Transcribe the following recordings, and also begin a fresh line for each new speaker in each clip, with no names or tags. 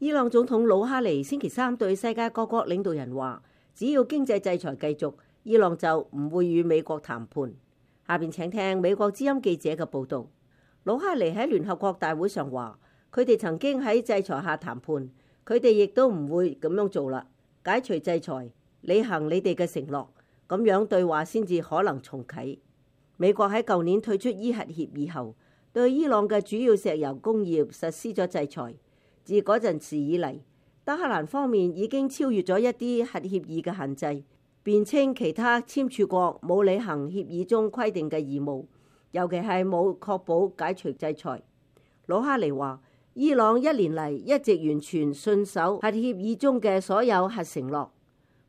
伊朗總統魯哈尼星期三對世界各國領導人話，只要經濟制裁繼續，伊朗就唔會與美國談判。下邊請聽美國之音記者嘅報道。魯哈尼喺聯合國大會上話，佢哋曾經喺制裁下談判，佢哋亦都唔會咁樣做啦。解除制裁，履行你哋嘅承諾，咁樣對話先至可能重啟。美國喺舊年退出伊核協議後，對伊朗嘅主要石油工業實施咗制裁。自嗰陣時以嚟，德黑蘭方面已經超越咗一啲核協議嘅限制，辯稱其他簽署國冇履行協議中規定嘅義務，尤其係冇確保解除制裁。魯哈尼話：伊朗一年嚟一直完全信守核協議中嘅所有核承諾，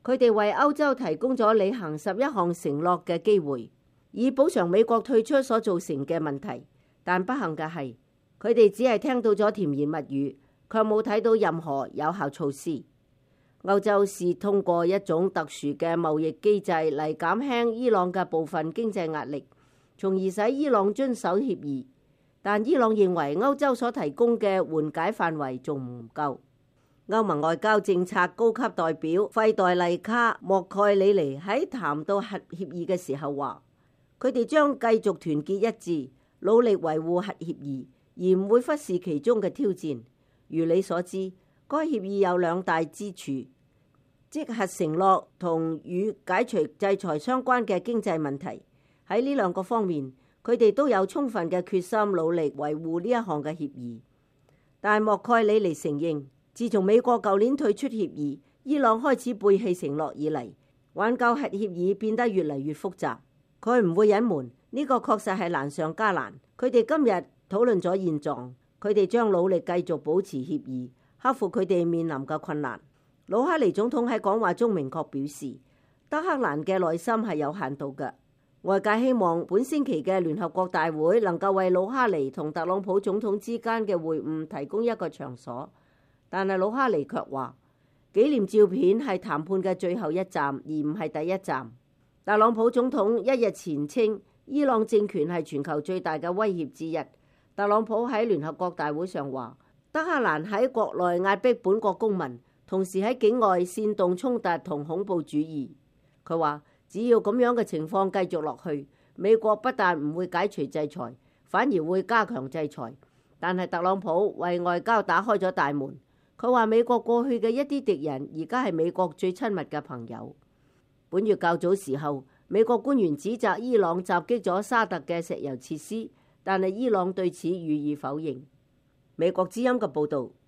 佢哋為歐洲提供咗履行十一項承諾嘅機會，以補償美國退出所造成嘅問題。但不幸嘅係，佢哋只係聽到咗甜言蜜語，卻冇睇到任何有效措施。歐洲是通過一種特殊嘅貿易機制嚟減輕伊朗嘅部分經濟壓力，從而使伊朗遵守協議。但伊朗認為歐洲所提供嘅緩解範圍仲唔夠。歐盟外交政策高級代表費代麗卡莫蓋里尼喺談到核協議嘅時候話，佢哋將繼續團結一致，努力維護核協議，而唔會忽視其中嘅挑戰。如你所知，該協議有兩大支柱：即核承諾同與解除制裁相關嘅經濟問題。喺呢兩個方面，佢哋都有充分嘅決心努力維護呢一項嘅協議。但莫蓋里尼承認，自從美國舊年退出協議，伊朗開始背棄承諾以嚟，挽救核協議變得越嚟越複雜。佢唔會隱瞞呢個確實係難上加難。佢哋今日討論咗現狀。佢哋將努力繼續保持協議，克服佢哋面臨嘅困難。魯哈尼總統喺講話中明確表示，德黑蘭嘅耐心係有限度嘅。外界希望本星期嘅聯合國大會能夠為魯哈尼同特朗普總統之間嘅會晤提供一個場所，但係魯哈尼卻話紀念照片係談判嘅最後一站，而唔係第一站。特朗普總統一日前稱，伊朗政權係全球最大嘅威脅之一。特朗普喺聯合國大會上話：德黑蘭喺國內壓迫本國公民，同時喺境外煽動衝突同恐怖主義。佢話只要咁樣嘅情況繼續落去，美國不但唔會解除制裁，反而會加強制裁。但係特朗普為外交打開咗大門。佢話美國過去嘅一啲敵人而家係美國最親密嘅朋友。本月較早時候，美國官員指責伊朗襲擊咗沙特嘅石油設施。但係，伊朗對此予以否認。美國之音嘅報導。